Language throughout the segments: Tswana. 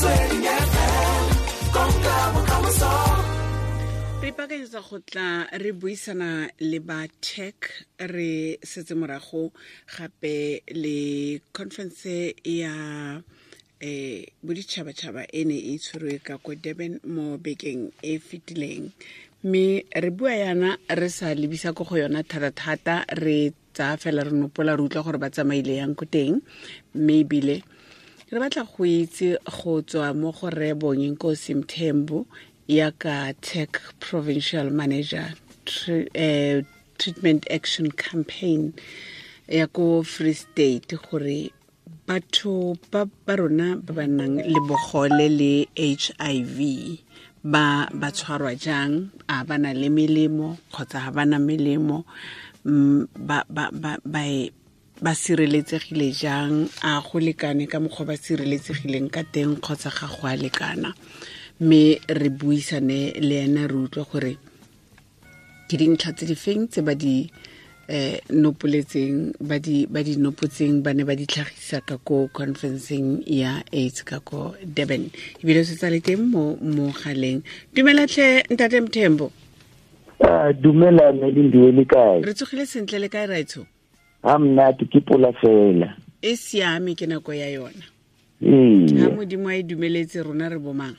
motsweding fm konka bokamoso re pakanyetsa go tla re buisana le ba tech re setse morago gape le conference ya eh boditšhabatšhaba e ne e tshwerwe ka ko durban mo bekeng e fetileng mme re bua yana re sa lebisa ko go yona thata-thata re tsaya fela re nopola re utlwa gore ba tsamaile yang ko teng mme ebile um re batla go itse go tswa mo go rebong inkosi mthembu yaka tech provincial manager tre, eh, treatment action campaign ya ko free state gore batho ba ba rona ba ba nang le bogole le h i v ba ba tshwarwa jang a ba na le melemo kgotsa ga ba na melemo mm, ba ba ba ba e ba sireletsegile jang a go lekane ka mokgwa ba sireletsegileng ka teng kgotsa ga go a lekana mme re buisane le ena re utlwe gore ke dintlha tse di feng tse ba di eh, nopoletseng ba di, ba di nopotseng ba ne ba di tlhagisa ka ko conferenceng ya aids ka ko durban ebile se tsa le teng mo mogaleng dumelatlhe ntate mthembo uh, dumela medindiwe le kae re tsogile sentle le kae raetsho ha mnate ke pola fela e siame ke nako ya yona ee. ha modimo a e dumeletse rona re bomang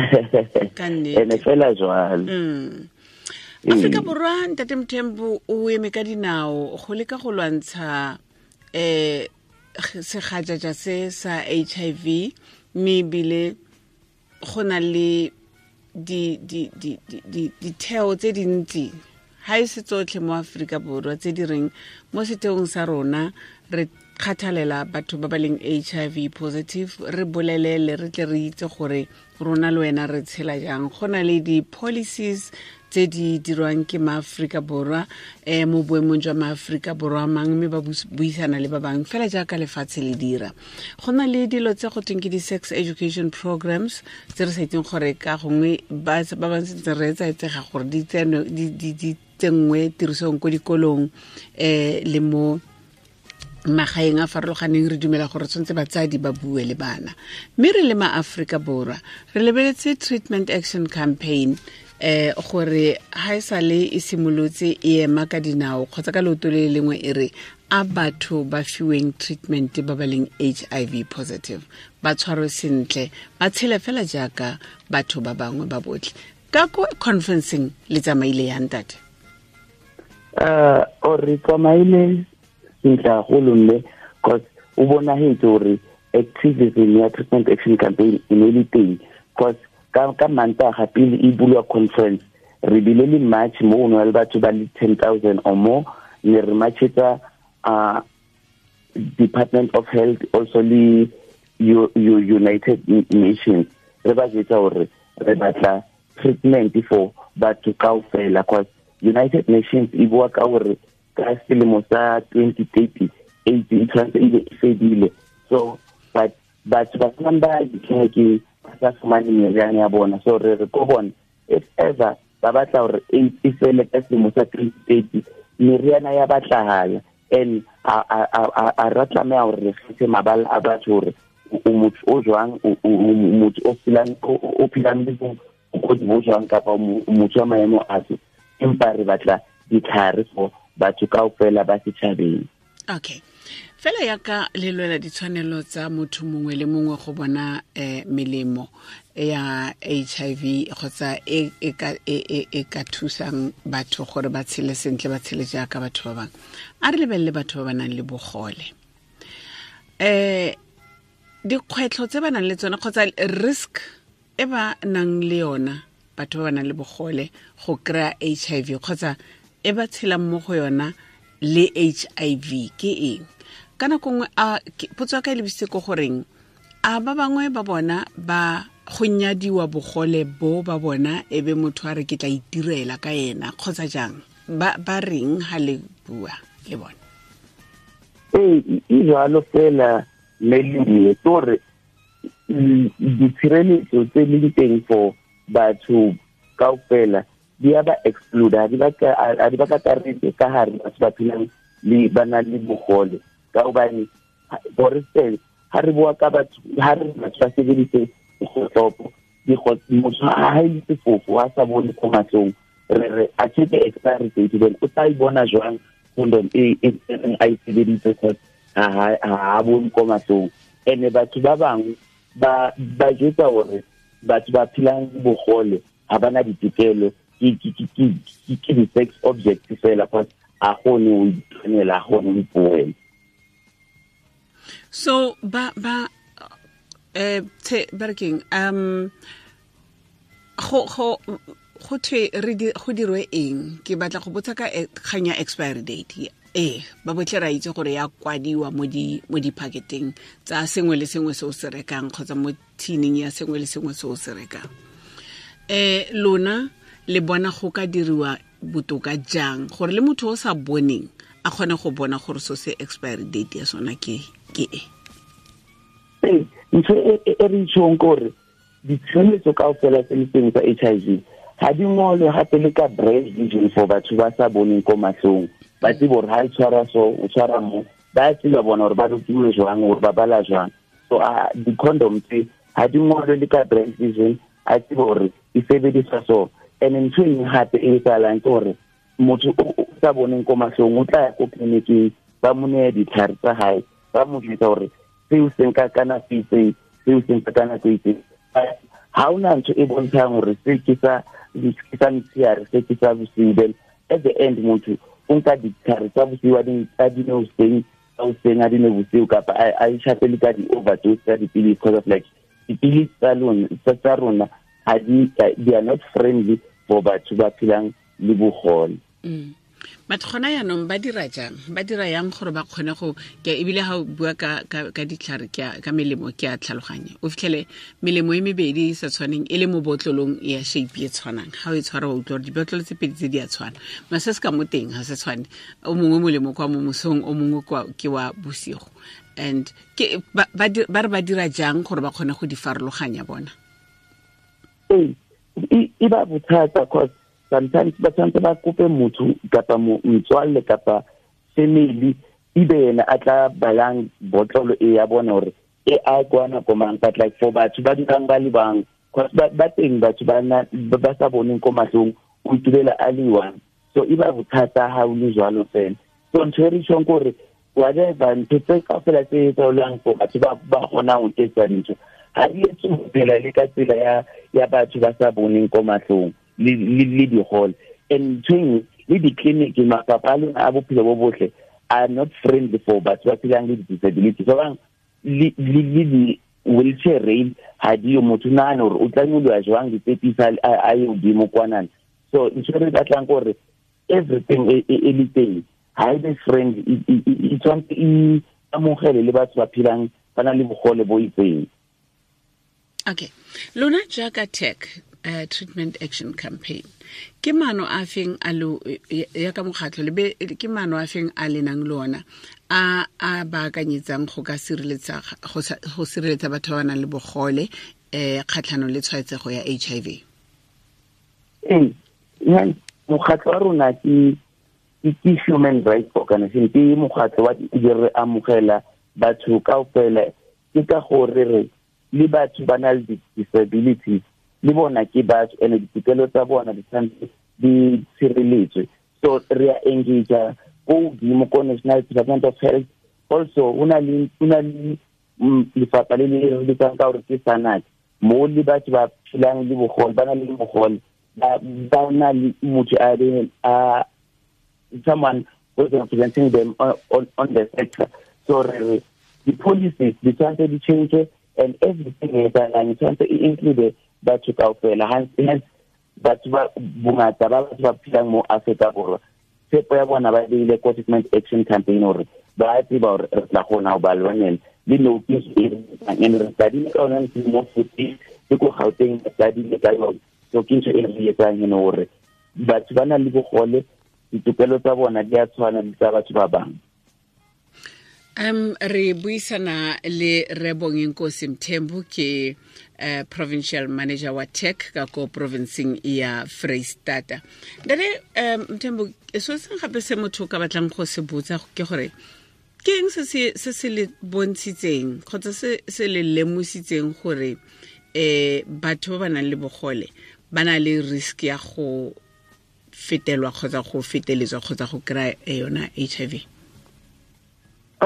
ka fela jwalo mm. ee. aforika borwa ntate mothembo o eme ka dinao go leka go lwantsha um eh, segajaja se sa h i v mme ebile go na le ditheo tse dintsi ga e se tsotlhe mo aforika borwa tse di reng mo setheong sa rona re kgathalela batho ba ba leng hiv positive re bolelele re tle re itse gore rona le wena re tshela jang go na le di-policies tse di dirwang ke maaforika borwa um mo boemong jwa maaforika borwa mang mme ba buisana le ba bangwe fela jaaka lefatshe le dira go na le dilo tse go teng ke di-sex education programs tse re sa itseng gore ka gongwe ba bangwe sentse re etsaetsega gore di tsenngwe tirisong ko dikolong um le mo magaeng a farologaneng re dumela gore tshwanetse batsadi ba bue le bana mme re le maaforika borwa re lebeletse treatment action campaign eh gore ga e sale e simolotse e ema ka dinao kgotsa ka leoto le lengwe e re a batho ba fiweng treatment ba ba leng h i v positive ba tshwarwe sentle ba tshele fela jaaka batho ba bangwe ba botlhe ka ko conferenceng le tsamaile yang tate um eh, o re tsamaile intle golo mme cause o bona bonagetse gore activism ya treatment action campaign e ne e le teng cause ka manta ga pele e bulwa conference re bile le march mo o ne le batho ba le ten thousand or more ne re matchetsa uh, department of health also le united nations re ba jetsa gore re batla treatment for batho kao fela cause united nations e bua ka gore ka selemo sa 2030 eight e tshwanetse e be e fedile so but batho ba sanang ba ditlheneke ba sa fumane meriana ya bona so re re ko bona if ever ba batla gore eight e fele ka selemo sa 2030 meriana ya batlagala and a ra tlameya gore re fese mabala a batho gore o motho o jwang motho o phelang le bokgodi bo jwang kapa motho wa maemo afe empa re batla ditlhare for batho kaofela ba setšhabeng okay fela yaka le lwela ditshwanelo tsa motho mongwe le mongwe go bona um melemo ya h i v kgotsa e, e, e, e ka thusang batho gore ba tshele sentle ba tshele jaaka batho ba bangwe a re lebelele batho ba ba nang le bogole um dikgwetlho tse ba nang le tsone kgotsa risk e ba nang le yona batho ba ba nang le bogole go kry-a h i v kgotsa e ba tshelang mo go yona le hiv ke eng ka nako e nngwe a potso ka e lebisitse ko goreng a ba bangwe ba bona ba go nyadiwa bogole bo ba bona e be motho a re ke tla itirela ka ena kgotsa jang ba, ba reng ha le bua le bona ee e, e jalo fela melemie ke gore mm, ditshireletso tse leng teng for batho kaofela di a ba exclude a di ba kataretse ka gare batho ba phelang ba na le bogole ka gobane for instance ga re boa ka batho re batho ba sebedise dikgotlopo motho a ile sefofo a sa bone ko matlong re re a check-e expiry date then o tla e bona jwang condom e, e, e a e sebeditse cause ha a bone ko matlong and-e batho ba bangwe ba jetsa gore batho ba phelang bogole ga ba na ditekelo ke di-sex object fela cause a gone o itwanela a gone o ipoela so ba ba eh te berking um go go go thwe re go dirwe eng ke batla go botsa ka eh, kganya expiry date ee ba botle ra itse gore ya kwadiwa mo di mo dipaketeng tsa sengwe le sengwe se o se rekang kgotsa mo thining ya sengwe le sengwe se o se rekang eh lona le bona go ka diriwa botoka jang gore le motho o sa boneng a kgone go bona gore so se expiry date ya sona ke ke e ntho e, e, e re itshong kore ditshireletso kao fela tse letseng tsa h i v ga di gape le ka brand vision for batho ba sa boneng ko matlhong ba tse gore ga e tshwara so o tshwara mo ba tseba bona gore ba rutiwe jwang gore ba bala jwang so a di-condom tse ga di le ka brand vision a tsebe gore e sebedisa so and ntho e nngwe gape e etsalang ke gore motho o sa boneng ko matlhong o tla ya ko tleliniking ba mo neye ditlhare tsa gae ba mo jwetsa gore seo seng ka kana se itseng seo seng ka kana se itseng ga o na ntho e bontshang gore se ke sa ntshiare se ke sa bosiu then at the end motho o nka ditlhare tsa bosiu a dine oseng tsa oseng a dine bosiu kapa a itšhapele e ka di-overdose tsa dipilisi because of like dipilisi tsa rona di they are not friendly for batho ba phelang le bogole mm. batho gona yaanong ba dira jang ba dira yang gore ba kgone go ke ebile ga o bua ka ditlhare ka melemo ke a tlhaloganye o fitlhele melemo e mebedi e sa tshwaneng e le mo botlolong ya shape e tshwanang ga o e tshwara wa utlwa gore dibotlolo tse pedi tse di a tshwana ma se se ka mo teng ga se tshwane o mongwe molemo kwa mo mosong o mongwe ke wa bosigo and ba re ba dira jang gore ba kgone go di farologanya bona ee e ba bothata cause sometimes ba tshwanetse ba kope motho kapa motswalle kapa family ebe yena a tla balang botlolo e ya bona gore e a kwa nako mang but like for batho ba dulang ba le bang cause ba teng batho ba sa boneng ko matlong o itulela a le one so e ba bothata ha o le jalo fela so ntho e re tshwang kore whatever ntho tse ka fela tse etsaolang for batho ba kgonang go tetsa dintho ga di etse phela le ka tsela ya ya batho ba sa boneng ko matlhong le di-hall and tshwenye le ditleliniki mafapha a lena a bophelo bo botlhe are not friendly for batho ba phelang le di-disability ba bangwe le di-wheelchair rail ga diyo motho naane gore o tlameliwa jwang ditepisa a ye godimo kwanane so insurance a tlang gore everything e, e, e le teng ga e be friend e, e tshwanetse e amogele le batho ba phelang ba na le bogole bo itseng okay lona jaaka tech uh, treatment action campaign ke maano a feng a lo ya ka mokgatlho lebe ke maano a feng a lenang le ona a a baakanyetsang go ka sireletsa go sireletsa batho ba ba nang le bogole um kgatlhanong le tshwaetsego ya h i v ee, mokgatlho wa rona ke human rights organization ke mokgatlho wa re amogela batho ka opela ke ka gore re le batho ba na le disabilities le bona ke batho and ditokelo tsa bona di tshwanetse di tshireletswe so re a engage ko godimo ko national department of health also o na le mm, lefapha le le letsang ka gore ke sanat mo le batho ba phelang le bogole ba na le bogole ba na le motho a someone who is representing them on, on, on the sector so re re di-policies di tshwanetse di change and everything etsalang tshwanetse e include batho kaofela hence batho ba bongata ba batho ba phelang mo aforika borwa tshepo ya bona ba beile courtisment action campaign gore ba tseba gore re tla kgona go ba lwanela le notice e and re tadile ka yona ntse mo fote le ko gauteng re tadile ka yona so ke ntho e re etsang ene gore batho ba na le bogole ditokelo tsa bona di a tshwana le tsa batho ba bangwe um re buisana le rebong inkosi mthembu ke uh, provincial manager wa tech ka ko provinceng ya freistata ntate um mthembu so seng gape se motho ka batlang go se botsa ke gore ke eng se se le bontshitseng kgotsa se le lemositseng gore um batho ba ba nang le bogole ba na le risk ya go fetelwa kgotsa go feteletswa kgotsa go kry-a eh, yona h i v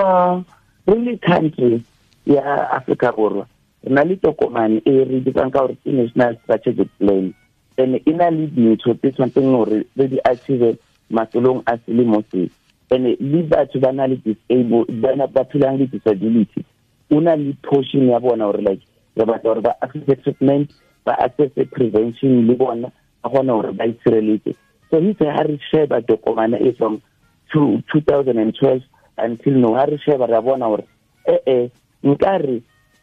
ka re country ya Africa borwa na le tokomane e re ditsang ka gore ke national strategic plan and e na le dintho tse tshwanetseng gore re di achieve mafelong a selemo se and le batho ba na le ba phelang le disability Una na le portion ya bona gore like re batla gore ba access treatment ba access prevention le bona ba kgona gore ba itshireletse so hitse ha re sheba tokomane e tswang 2012 until no ha re sheba re a bona gore e-e nka re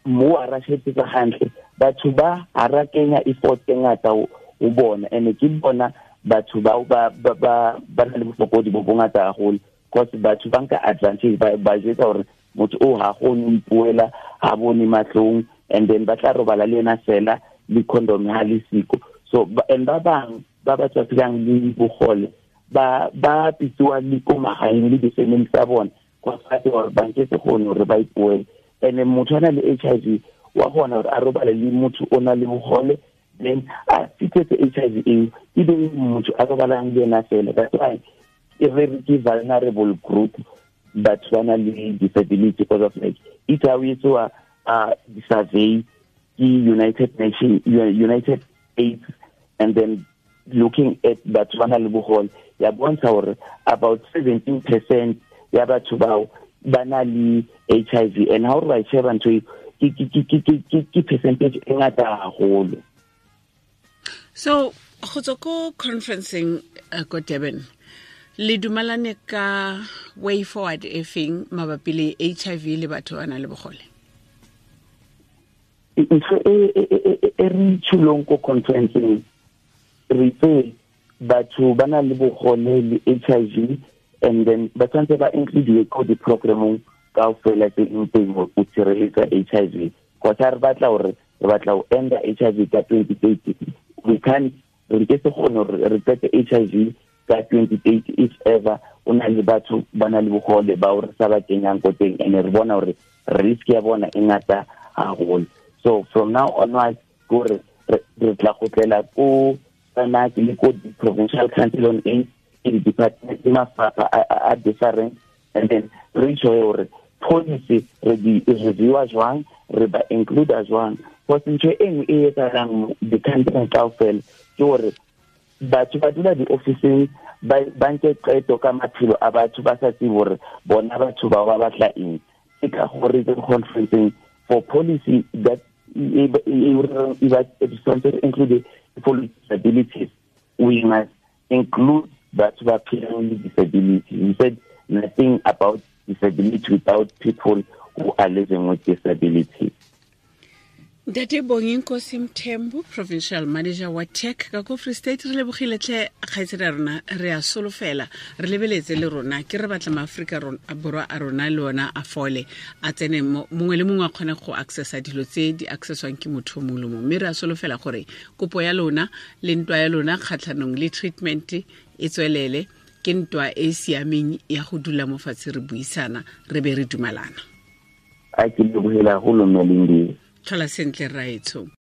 mo a ra shetsetse gantle batho ba a ra kenya effort e ngata o bona and ke bona batho ba ba na le bofokodi bo tsa gagolo cause batho ba nka advantage ba jetsa gore motho o ga gone o ipuela bone matlong and then ba tla robala le ena fela le condom ha le siko so and ba bang ba ba tswa le bogole ba ba pitsiwa le ko magaeng le di-family tsa bone kwa fatshe wa banke se kgone gore ba ipoele ene motho ana na le h i v wa kgona gore a robale le motho o na le bogole then a fitetse h i v eo ebe motho a robalang le na fela that's why re re ke vulnerable group batho ba na le disability because of like it a o wa survey ke united nation united states and then looking at batho ba na le bogole ya bontsha gore about seventeen percent ya batho bao ba na le h i v and ga o ba e sheba ntho eo ke percentage e ngata gagolo so go tswa ko conferenceng eh, ko durban le dumelane ka way forward e feng mabapi le h i v le batho ba na le bogole e, ntho e, e re itshulong ko conferenceng re tse batho ba na le bogole le h i v and then ba tshwanetse ba include ko di program, ka fela tse eng teng go tshireletsa h i v kgotsa re batla gore re batla go enda h i v ka twenty thirty we can't re ke se kgone gore re tsete h i v ka twenty thirty if ever o na le batho ba na le bogole ba gore sa ba kenyang ko teng and re bona gore risk ya bona e ngata gagolo so from now onwards kore re tla go tlela ko sanaki le ko di-provincial council on aids in the department mafapha a different and then re tshoe gore policy re di reviewa jwang re ba include jwang because ntho e nngwe e etsalang di-countryng kaofela ke gore batho ba dula di-officing ba nke qeto ka maphelo a batho ba sa tsebe gore bona batho bao ba batla eng ke ka gore ke conferenceng for policy that it is include the policy abilities we must include batho ba people le disability he said nothing about disability without people who are living with disability ntatebonge nkosi mthembu provincial manager wa tech ka ko free state re lebogile tlhe kgaitsedi ya rona re a solofela re lebeletse le rona ke re batla maaforika borwa a rona le ona a fole a tsene mongwe le mongwe a kgone go accessa dilo tse di accesswang ke motho mongwe le mongwe mme re a solofela gore kopo ya lona le ntwa ya lona kgatlhanong le treatment e tswelele ke ntwa e e siameng ya go dula mo fatshe re buisana re be re dumelana a ke lebogela go lomeleng tlhola sentle raetsho